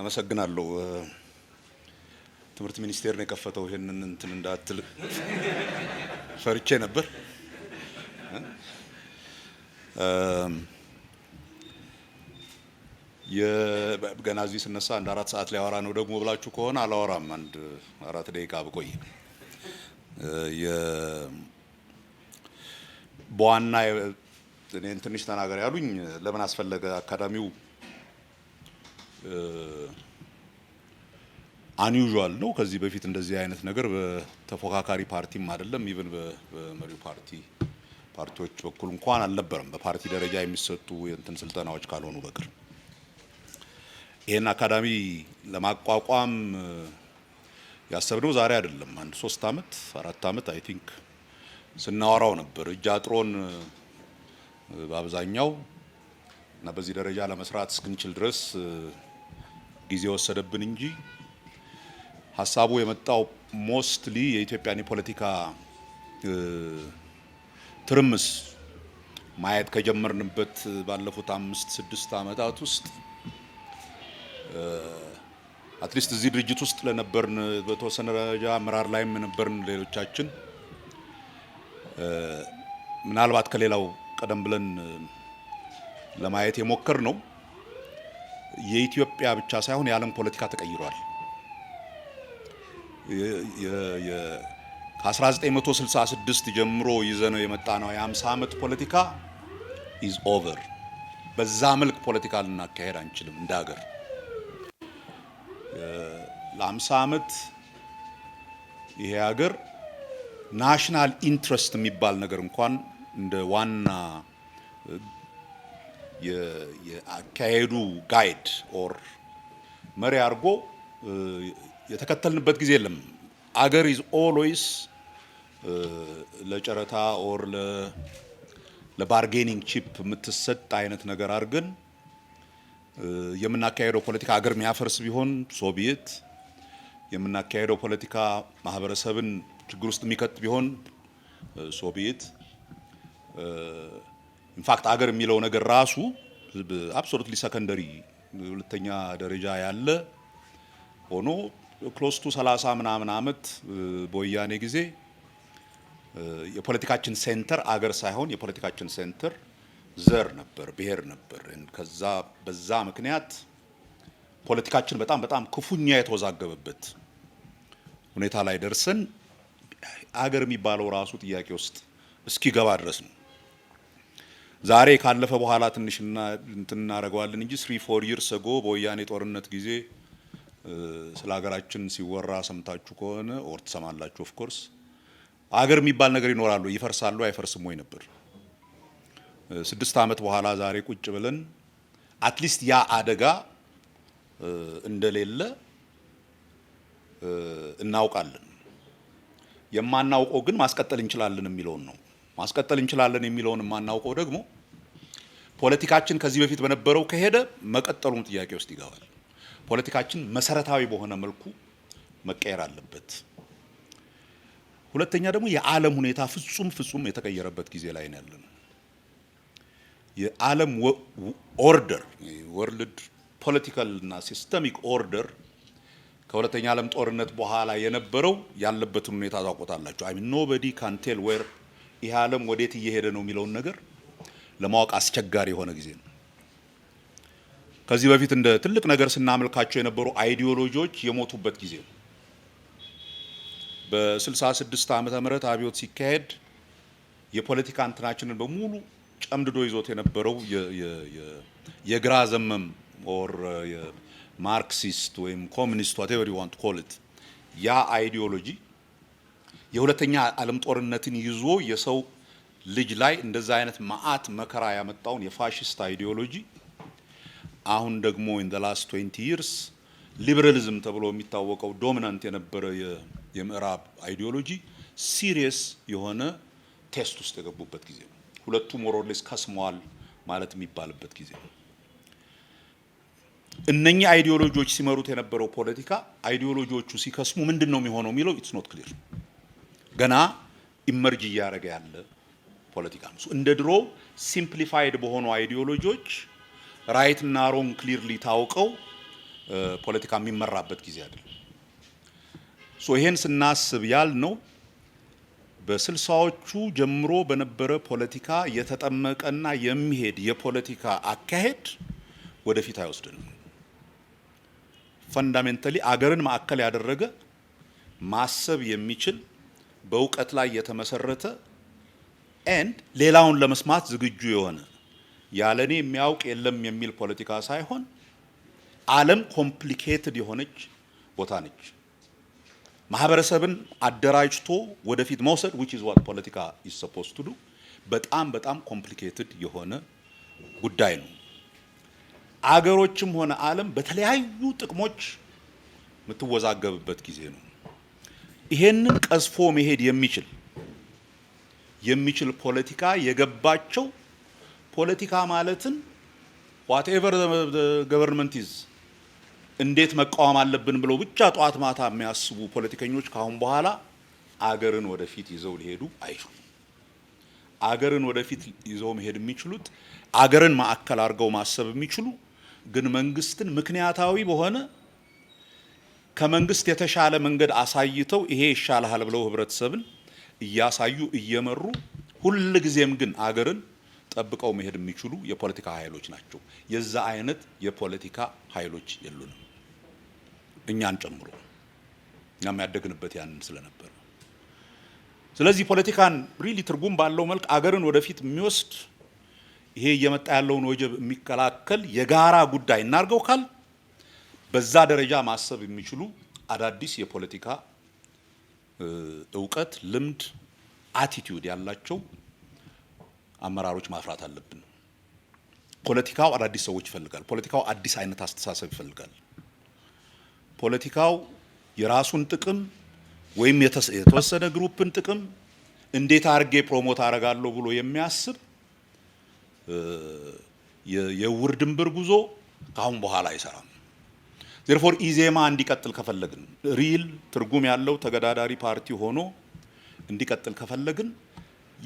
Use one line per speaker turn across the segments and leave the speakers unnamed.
አመሰግናለሁ። ትምህርት ሚኒስቴር ነው የከፈተው ይህንን እንትን እንዳትል ፈርቼ ነበር። ገና እዚህ ስነሳ አንድ አራት ሰዓት ላይ አወራ ነው ደግሞ ብላችሁ ከሆነ አላወራም። አንድ አራት ደቂቃ ብቆይ በዋና እኔን ትንሽ ተናገር ያሉኝ ለምን አስፈለገ አካዳሚው አንዩዋል ነው። ከዚህ በፊት እንደዚህ አይነት ነገር በተፎካካሪ ፓርቲም አይደለም ኢቨን በመሪው ፓርቲ ፓርቲዎች በኩል እንኳን አልነበረም፣ በፓርቲ ደረጃ የሚሰጡ የእንትን ስልጠናዎች ካልሆኑ በቅር ይህን አካዳሚ ለማቋቋም ያሰብነው ዛሬ አይደለም። አንድ ሶስት ዓመት አራት ዓመት አይ ቲንክ ስናወራው ነበር። እጅ አጥሮን በአብዛኛው እና በዚህ ደረጃ ለመስራት እስክንችል ድረስ ጊዜ ወሰደብን እንጂ ሀሳቡ የመጣው ሞስትሊ የኢትዮጵያን የፖለቲካ ትርምስ ማየት ከጀመርንበት ባለፉት አምስት ስድስት አመታት ውስጥ አትሊስት እዚህ ድርጅት ውስጥ ለነበርን በተወሰነ ደረጃ አመራር ላይም የነበርን ሌሎቻችን ምናልባት ከሌላው ቀደም ብለን ለማየት የሞከር ነው። የኢትዮጵያ ብቻ ሳይሆን የዓለም ፖለቲካ ተቀይሯል። ከ1966 ጀምሮ ይዘነው የመጣ ነው የ50 ዓመት ፖለቲካ ኢዝ ኦቨር። በዛ መልክ ፖለቲካ ልናካሄድ አንችልም እንደ ሀገር። ለ50 ዓመት ይሄ ሀገር ናሽናል ኢንትረስት የሚባል ነገር እንኳን እንደ ዋና የአካሄዱ ጋይድ ኦር መሪ አድርጎ የተከተልንበት ጊዜ የለም። አገር ኢዝ ኦልዌይስ ለጨረታ ኦር ለባርጌኒንግ ቺፕ የምትሰጥ አይነት ነገር አድርገን የምናካሄደው ፖለቲካ አገር የሚያፈርስ ቢሆን ሶቪየት፣ የምናካሄደው ፖለቲካ ማህበረሰብን ችግር ውስጥ የሚከት ቢሆን ሶቪየት ኢንፋክት አገር የሚለው ነገር ራሱ አብሶሉትሊ ሰከንደሪ ሁለተኛ ደረጃ ያለ ሆኖ ክሎስ ቱ 30 ምናምን ዓመት በወያኔ ጊዜ የፖለቲካችን ሴንተር አገር ሳይሆን የፖለቲካችን ሴንተር ዘር ነበር፣ ብሔር ነበር። ከዛ በዛ ምክንያት ፖለቲካችን በጣም በጣም ክፉኛ የተወዛገበበት ሁኔታ ላይ ደርሰን አገር የሚባለው ራሱ ጥያቄ ውስጥ እስኪገባ ድረስ ነው። ዛሬ ካለፈ በኋላ ትንሽ እናደርገዋለን እንጂ ስሪ ፎር ይርስ ጎ በወያኔ ጦርነት ጊዜ ስለ ሀገራችን ሲወራ ሰምታችሁ ከሆነ ኦር ትሰማላችሁ። ኦፍኮርስ አገር የሚባል ነገር ይኖራሉ ይፈርሳሉ አይፈርስም ወይ ነበር። ስድስት ዓመት በኋላ ዛሬ ቁጭ ብለን አትሊስት ያ አደጋ እንደሌለ እናውቃለን። የማናውቀው ግን ማስቀጠል እንችላለን የሚለውን ነው። ማስቀጠል እንችላለን የሚለውን የማናውቀው ደግሞ ፖለቲካችን ከዚህ በፊት በነበረው ከሄደ መቀጠሉም ጥያቄ ውስጥ ይገባል። ፖለቲካችን መሰረታዊ በሆነ መልኩ መቀየር አለበት። ሁለተኛ ደግሞ የዓለም ሁኔታ ፍጹም ፍጹም የተቀየረበት ጊዜ ላይ ነው ያለን። የዓለም ኦርደር ወርልድ ፖለቲካል እና ሲስተሚክ ኦርደር ከሁለተኛ ዓለም ጦርነት በኋላ የነበረው ያለበትን ሁኔታ ታውቆታላችሁ። አይ ኖበዲ ካን ቴል ዌር ይህ ዓለም ወዴት እየሄደ ነው የሚለውን ነገር ለማወቅ አስቸጋሪ የሆነ ጊዜ ነው። ከዚህ በፊት እንደ ትልቅ ነገር ስናመልካቸው የነበሩ አይዲዮሎጂዎች የሞቱበት ጊዜ ነው። በ66 ዓመተ ምህረት አብዮት ሲካሄድ የፖለቲካ እንትናችንን በሙሉ ጨምድዶ ይዞት የነበረው የግራ ዘመም ኦር ማርክሲስት ወይም ኮሚኒስት ዋቴቨር ዩ ዋንት ኮልት ያ አይዲዮሎጂ የሁለተኛ ዓለም ጦርነትን ይዞ የሰው ልጅ ላይ እንደዛ አይነት መዓት መከራ ያመጣውን የፋሽስት አይዲዮሎጂ አሁን ደግሞ ኢን ዘ ላስት 20 ይርስ ሊበራሊዝም ተብሎ የሚታወቀው ዶሚናንት የነበረ የምዕራብ አይዲዮሎጂ ሲሪየስ የሆነ ቴስት ውስጥ የገቡበት ጊዜ ነው። ሁለቱ ሞሮሌስ ከስመዋል ማለት የሚባልበት ጊዜ ነው። እነኚህ አይዲዮሎጂዎች ሲመሩት የነበረው ፖለቲካ አይዲዮሎጂዎቹ ሲከስሙ ምንድን ነው የሚሆነው የሚለው ኢትስ ኖት ክሊር ገና ኢመርጅ እያደረገ ያለ ፖለቲካ ነው። እንደ ድሮ ሲምፕሊፋይድ በሆኑ አይዲዮሎጂዎች ራይት እና ሮንግ ክሊርሊ ታውቀው ፖለቲካ የሚመራበት ጊዜ አይደለም። ሶ ይሄን ስናስብ ያል ነው በስልሳዎቹ ጀምሮ በነበረ ፖለቲካ የተጠመቀና የሚሄድ የፖለቲካ አካሄድ ወደፊት አይወስድንም። ፈንዳሜንታሊ አገርን ማዕከል ያደረገ ማሰብ የሚችል በእውቀት ላይ የተመሰረተ ኤንድ ሌላውን ለመስማት ዝግጁ የሆነ ያለኔ የሚያውቅ የለም የሚል ፖለቲካ ሳይሆን ዓለም ኮምፕሊኬትድ የሆነች ቦታ ነች። ማህበረሰብን አደራጅቶ ወደፊት መውሰድ ዊች ኢዝ ፖለቲካ ኢዝ በጣም በጣም ኮምፕሊኬትድ የሆነ ጉዳይ ነው። አገሮችም ሆነ ዓለም በተለያዩ ጥቅሞች የምትወዛገብበት ጊዜ ነው። ይሄንን ቀዝፎ መሄድ የሚችል የሚችል ፖለቲካ የገባቸው ፖለቲካ ማለትን ዋትኤቨር ገቨርንመንት ኢዝ እንዴት መቃወም አለብን ብለው ብቻ ጠዋት ማታ የሚያስቡ ፖለቲከኞች ካሁን በኋላ አገርን ወደፊት ይዘው ሊሄዱ አይችሉም። አገርን ወደፊት ይዘው መሄድ የሚችሉት አገርን ማዕከል አድርገው ማሰብ የሚችሉ ግን መንግስትን ምክንያታዊ በሆነ ከመንግስት የተሻለ መንገድ አሳይተው ይሄ ይሻልሃል ብለው ህብረተሰብን እያሳዩ እየመሩ ሁል ጊዜም ግን አገርን ጠብቀው መሄድ የሚችሉ የፖለቲካ ኃይሎች ናቸው። የዛ አይነት የፖለቲካ ኃይሎች የሉንም፣ እኛን ጨምሮ። እኛም ያደግንበት ያንን ስለነበር ነው። ስለዚህ ፖለቲካን ሪሊ ትርጉም ባለው መልክ አገርን ወደፊት የሚወስድ ይሄ እየመጣ ያለውን ወጀብ የሚከላከል የጋራ ጉዳይ እናርገው ካል በዛ ደረጃ ማሰብ የሚችሉ አዳዲስ የፖለቲካ እውቀት፣ ልምድ፣ አቲቲዩድ ያላቸው አመራሮች ማፍራት አለብን። ፖለቲካው አዳዲስ ሰዎች ይፈልጋል። ፖለቲካው አዲስ አይነት አስተሳሰብ ይፈልጋል። ፖለቲካው የራሱን ጥቅም ወይም የተወሰነ ግሩፕን ጥቅም እንዴት አድርጌ ፕሮሞት አደርጋለሁ ብሎ የሚያስብ የውር ድንብር ጉዞ ከአሁን በኋላ አይሰራም። ዘርፎር ኢዜማ እንዲቀጥል ከፈለግን ሪል ትርጉም ያለው ተገዳዳሪ ፓርቲ ሆኖ እንዲቀጥል ከፈለግን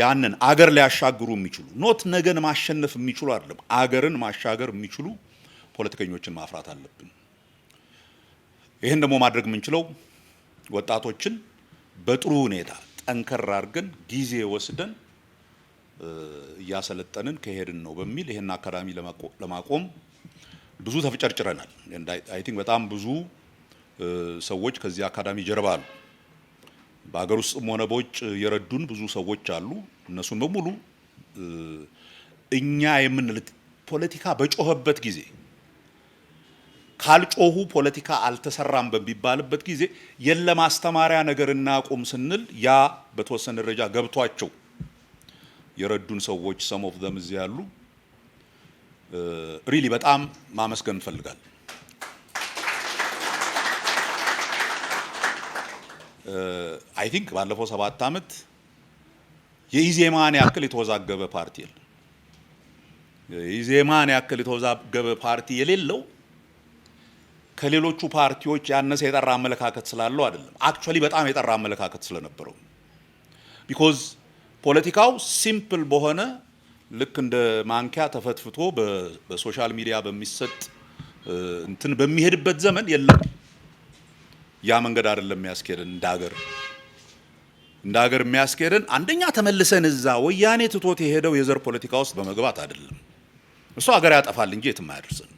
ያንን አገር ሊያሻግሩ የሚችሉ ኖት ነገን ማሸነፍ የሚችሉ አይደለም፣ አገርን ማሻገር የሚችሉ ፖለቲከኞችን ማፍራት አለብን። ይህን ደግሞ ማድረግ የምንችለው ወጣቶችን በጥሩ ሁኔታ ጠንከር አድርገን ጊዜ ወስደን እያሰለጠንን ከሄድን ነው በሚል ይህን አካዳሚ ለማቆም ብዙ ተፍጨርጭረናል። አይ ቲንክ በጣም ብዙ ሰዎች ከዚህ አካዳሚ ጀርባ አሉ። በሀገር ውስጥም ሆነ በውጭ የረዱን ብዙ ሰዎች አሉ። እነሱን በሙሉ እኛ የምንልት ፖለቲካ በጮኸበት ጊዜ ካልጮሁ ፖለቲካ አልተሰራም በሚባልበት ጊዜ የለማስተማሪያ ነገር እናቁም ስንል ያ በተወሰነ ደረጃ ገብቷቸው የረዱን ሰዎች ሰም ኦፍ ዘም እዚህ ያሉ ሪሊ በጣም ማመስገን እንፈልጋል። አይ ቲንክ ባለፈው ሰባት ዓመት የኢዜማን ያክል የተወዛገበ ፓርቲ የለ የኢዜማን ያክል የተወዛገበ ፓርቲ የሌለው ከሌሎቹ ፓርቲዎች ያነሰ የጠራ አመለካከት ስላለው አይደለም። አክቹዋሊ በጣም የጠራ አመለካከት ስለነበረው ቢኮዝ ፖለቲካው ሲምፕል በሆነ ልክ እንደ ማንኪያ ተፈትፍቶ በሶሻል ሚዲያ በሚሰጥ እንትን በሚሄድበት ዘመን የለም። ያ መንገድ አይደለም የሚያስኬድን እንደ ሀገር እንደ ሀገር የሚያስኬድን አንደኛ ተመልሰን እዛ ወያኔ ትቶት የሄደው የዘር ፖለቲካ ውስጥ በመግባት አይደለም። እሱ ሀገር ያጠፋል እንጂ የትም አያደርስን።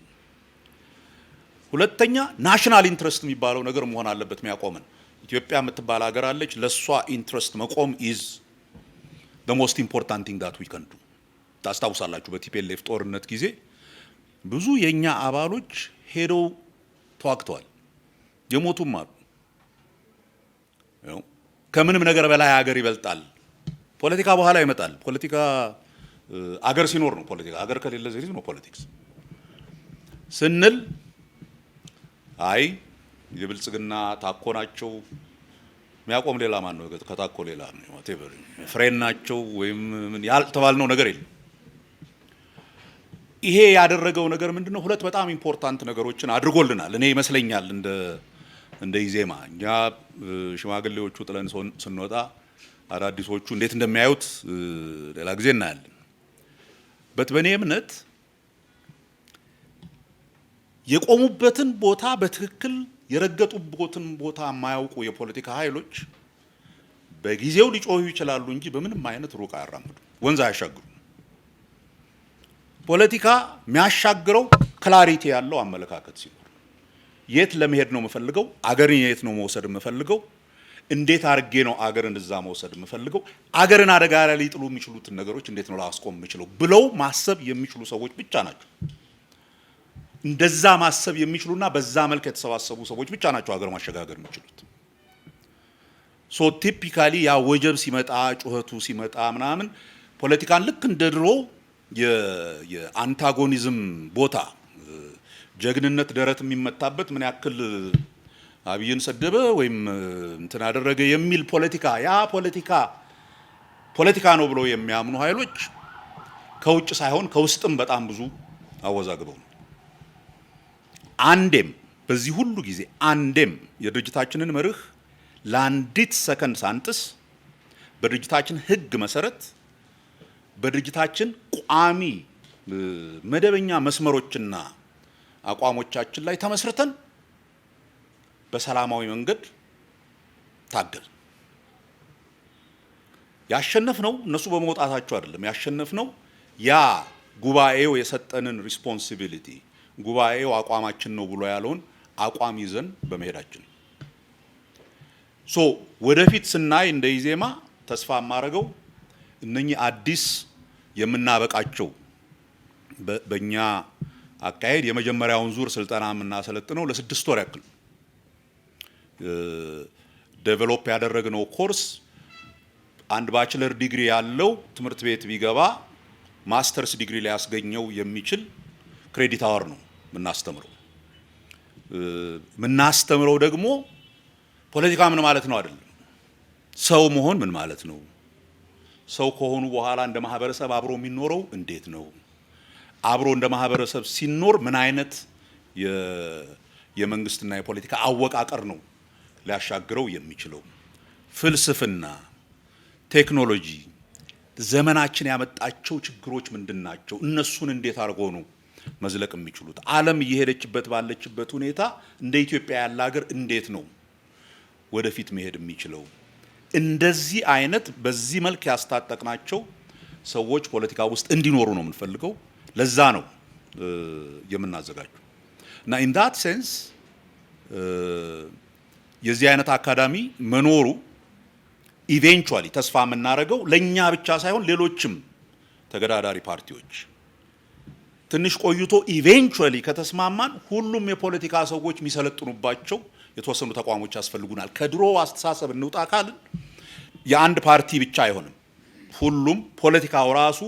ሁለተኛ ናሽናል ኢንትረስት የሚባለው ነገር መሆን አለበት የሚያቆምን። ኢትዮጵያ የምትባል ሀገር አለች። ለእሷ ኢንትረስት መቆም ኢዝ ሞስት ኢምፖርታንት ቲንግ ዳት ዊ ከን ዱ ታስታውሳላችሁ። በቲፒኤልኤፍ ጦርነት ጊዜ ብዙ የእኛ አባሎች ሄደው ተዋግተዋል። የሞቱም አሉ። ከምንም ነገር በላይ ሀገር ይበልጣል። ፖለቲካ በኋላ ይመጣል። ፖለቲካ አገር ሲኖር ነው ፖለቲካ፣ አገር ከሌለ ዘሪዝ ነው ፖለቲክስ ስንል አይ የብልጽግና ታኮ ናቸው የሚያቆም ሌላ ማን ነው? ከታኮ ሌላ ነው። ፍሬን ናቸው ወይም ያልተባልነው ነገር የለም። ይሄ ያደረገው ነገር ምንድነው? ሁለት በጣም ኢምፖርታንት ነገሮችን አድርጎልናል። እኔ ይመስለኛል እንደ እንደ ኢዜማ እኛ ሽማግሌዎቹ ጥለን ስንወጣ አዳዲሶቹ እንዴት እንደሚያዩት ሌላ ጊዜ እናያለን። በት በእኔ እምነት የቆሙበትን ቦታ በትክክል የረገጡበትን ቦታ የማያውቁ የፖለቲካ ኃይሎች በጊዜው ሊጮሁ ይችላሉ እንጂ በምንም አይነት ሩቅ አያራምዱ፣ ወንዝ አያሻግሩ። ፖለቲካ የሚያሻግረው ክላሪቲ ያለው አመለካከት ሲኖር የት ለመሄድ ነው የምፈልገው፣ አገርን የት ነው መውሰድ የምፈልገው፣ እንዴት አድርጌ ነው አገርን እዛ መውሰድ የምፈልገው፣ አገርን አደጋ ላይ ሊጥሉ የሚችሉትን ነገሮች እንዴት ነው ላስቆም የምችለው ብለው ማሰብ የሚችሉ ሰዎች ብቻ ናቸው። እንደዛ ማሰብ የሚችሉና በዛ መልክ የተሰባሰቡ ሰዎች ብቻ ናቸው ሀገር ማሸጋገር የሚችሉት። ሶ ቲፒካሊ ያ ወጀብ ሲመጣ ጩኸቱ ሲመጣ ምናምን ፖለቲካን ልክ እንደ የአንታጎኒዝም ቦታ ጀግንነት ደረት የሚመታበት ምን ያክል አብይን ሰደበ ወይም እንትን አደረገ የሚል ፖለቲካ ያ ፖለቲካ ፖለቲካ ነው ብለው የሚያምኑ ኃይሎች ከውጭ ሳይሆን ከውስጥም በጣም ብዙ አወዛግበው ነው። አንዴም በዚህ ሁሉ ጊዜ አንዴም የድርጅታችንን መርህ ለአንዲት ሰከንድ ሳንጥስ በድርጅታችን ሕግ መሰረት በድርጅታችን ቋሚ መደበኛ መስመሮችና አቋሞቻችን ላይ ተመስርተን በሰላማዊ መንገድ ታገል ያሸነፍ ነው። እነሱ በመውጣታቸው አይደለም ያሸነፍ ነው። ያ ጉባኤው የሰጠንን ሪስፖንሲቢሊቲ ጉባኤው አቋማችን ነው ብሎ ያለውን አቋም ይዘን በመሄዳችን ሶ ወደፊት ስናይ እንደ ኢዜማ ተስፋ የማደርገው እነኚህ አዲስ የምናበቃቸው በእኛ አካሄድ የመጀመሪያውን ዙር ስልጠና የምናሰለጥነው ለስድስት ወር ያክል ዴቨሎፕ ያደረግነው ኮርስ አንድ ባችለር ዲግሪ ያለው ትምህርት ቤት ቢገባ ማስተርስ ዲግሪ ሊያስገኘው የሚችል ክሬዲት አወር ነው የምናስተምረው። የምናስተምረው ደግሞ ፖለቲካ ምን ማለት ነው አይደለም፣ ሰው መሆን ምን ማለት ነው ሰው ከሆኑ በኋላ እንደ ማህበረሰብ አብሮ የሚኖረው እንዴት ነው? አብሮ እንደ ማህበረሰብ ሲኖር ምን አይነት የመንግስትና የፖለቲካ አወቃቀር ነው ሊያሻግረው የሚችለው? ፍልስፍና፣ ቴክኖሎጂ፣ ዘመናችን ያመጣቸው ችግሮች ምንድን ናቸው? እነሱን እንዴት አድርጎ ነው መዝለቅ የሚችሉት? ዓለም እየሄደችበት ባለችበት ሁኔታ እንደ ኢትዮጵያ ያለ ሀገር እንዴት ነው ወደፊት መሄድ የሚችለው? እንደዚህ አይነት በዚህ መልክ ያስታጠቅናቸው ሰዎች ፖለቲካ ውስጥ እንዲኖሩ ነው የምንፈልገው። ለዛ ነው የምናዘጋጀው እና ኢን ዳት ሴንስ የዚህ አይነት አካዳሚ መኖሩ ኢቬንቹዋሊ ተስፋ የምናደርገው ለእኛ ብቻ ሳይሆን ሌሎችም ተገዳዳሪ ፓርቲዎች ትንሽ ቆይቶ ኢቬንቹዋሊ ከተስማማን ሁሉም የፖለቲካ ሰዎች የሚሰለጥኑባቸው የተወሰኑ ተቋሞች ያስፈልጉናል። ከድሮ አስተሳሰብ እንውጣ ካልን የአንድ ፓርቲ ብቻ አይሆንም። ሁሉም ፖለቲካው ራሱ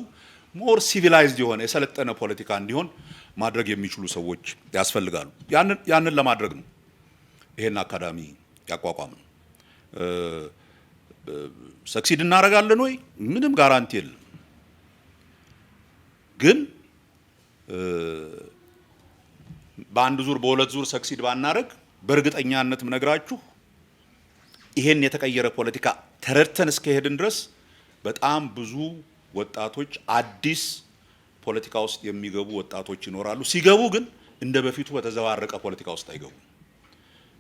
ሞር ሲቪላይዝድ የሆነ የሰለጠነ ፖለቲካ እንዲሆን ማድረግ የሚችሉ ሰዎች ያስፈልጋሉ። ያንን ለማድረግ ነው ይሄን አካዳሚ ያቋቋም ነው። ሰክሲድ እናደርጋለን ወይ? ምንም ጋራንቲ የለም። ግን በአንድ ዙር በሁለት ዙር ሰክሲድ ባናደርግ በእርግጠኛነት ምነግራችሁ ይሄን የተቀየረ ፖለቲካ ተረድተን እስከሄድን ድረስ በጣም ብዙ ወጣቶች አዲስ ፖለቲካ ውስጥ የሚገቡ ወጣቶች ይኖራሉ። ሲገቡ ግን እንደ በፊቱ በተዘባረቀ ፖለቲካ ውስጥ አይገቡም።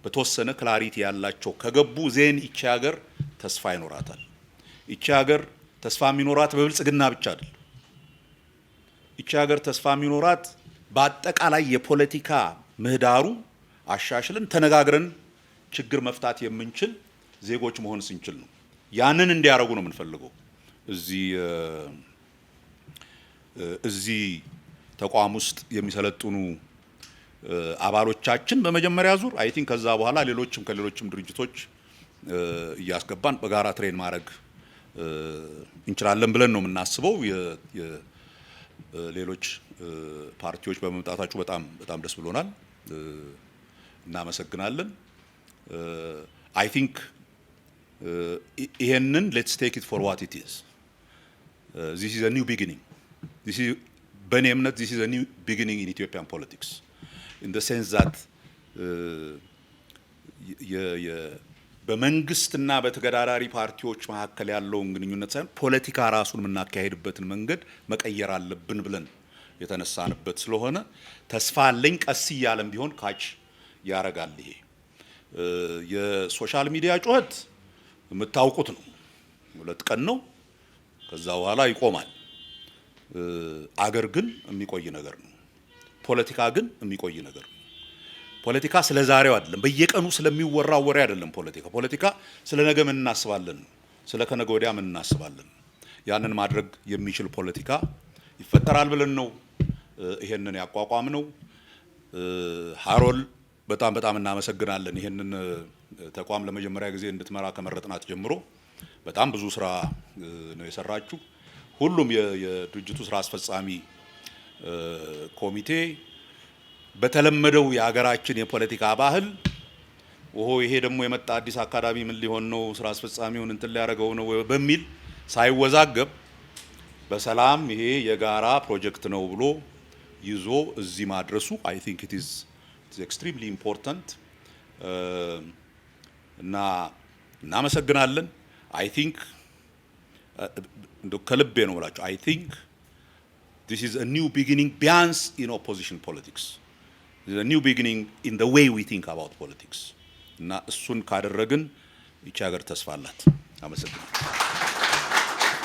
በተወሰነ ክላሪቲ ያላቸው ከገቡ ዜን ይቺ ሀገር ተስፋ ይኖራታል። ይቺ ሀገር ተስፋ የሚኖራት በብልጽግና ብቻ አይደል። ይቺ ሀገር ተስፋ የሚኖራት በአጠቃላይ የፖለቲካ ምህዳሩ አሻሽልን ተነጋግረን ችግር መፍታት የምንችል ዜጎች መሆን ስንችል ነው። ያንን እንዲያደርጉ ነው የምንፈልገው። እዚህ እዚህ ተቋም ውስጥ የሚሰለጥኑ አባሎቻችን በመጀመሪያ ዙር አይ ቲንክ ከዛ በኋላ ሌሎችም ከሌሎችም ድርጅቶች እያስገባን በጋራ ትሬን ማድረግ እንችላለን ብለን ነው የምናስበው። ሌሎች ፓርቲዎች በመምጣታችሁ በጣም በጣም ደስ ብሎናል። እናመሰግናለን። አይ ቲንክ ይሄንን ሌትስ ቴክ ኢት ፎር ዋት ኢት ኢዝ ዚስ ኢዝ ኒው ቢጊኒንግ በእኔ እምነት ዚስ ኢዝ ኒው ቢጊኒንግ ኢን ኢትዮጵያን ፖለቲክስ ኢን ሴንስ ዛት በመንግስትና በተገዳዳሪ ፓርቲዎች መካከል ያለውን ግንኙነት ሳይሆን ፖለቲካ ራሱን የምናካሄድበትን መንገድ መቀየር አለብን ብለን የተነሳንበት ስለሆነ ተስፋ አለኝ ቀስ እያለም ቢሆን ካች ያረጋል። ይሄ የሶሻል ሚዲያ ጩኸት የምታውቁት ነው። ሁለት ቀን ነው፣ ከዛ በኋላ ይቆማል። አገር ግን የሚቆይ ነገር ነው። ፖለቲካ ግን የሚቆይ ነገር ነው። ፖለቲካ ስለ ዛሬው አይደለም፣ በየቀኑ ስለሚወራ ወሬ አይደለም። ፖለቲካ ፖለቲካ ስለ ነገ ምን እናስባለን ነው፣ ስለ ከነገ ወዲያ ምን እናስባለን። ያንን ማድረግ የሚችል ፖለቲካ ይፈጠራል ብለን ነው ይሄንን ያቋቋም ነው ሀሮል በጣም በጣም እናመሰግናለን። ይህንን ተቋም ለመጀመሪያ ጊዜ እንድትመራ ከመረጥናት ጀምሮ በጣም ብዙ ስራ ነው የሰራችሁ። ሁሉም የድርጅቱ ስራ አስፈጻሚ ኮሚቴ በተለመደው የሀገራችን የፖለቲካ ባህል ኦሆ ይሄ ደግሞ የመጣ አዲስ አካዳሚ ምን ሊሆን ነው ስራ አስፈጻሚውን እንትን ሊያደርገው ነው በሚል ሳይወዛገብ በሰላም ይሄ የጋራ ፕሮጀክት ነው ብሎ ይዞ እዚህ ማድረሱ አይ ቲንክ ኢት ኢዝ ኤክስትሪምሊ ኢምፖርታንት uh, እና እናመሰግናለን። አይ ቲንክ uh, እንደው ከልቤ ነው ብላችሁ አይ ቲንክ ዲስ ኢዝ ኒው ቢጊኒንግ ቢያንስ ኢን ኦፖዚሽን ፖለቲክስ ኒው ቢጊኒንግ ኢን ዘ ዌይ ዊ ቲንክ አባውት ፖለቲክስ እና እሱን ካደረግን ይቺ ሀገር ተስፋ አላት። አመሰግናለሁ።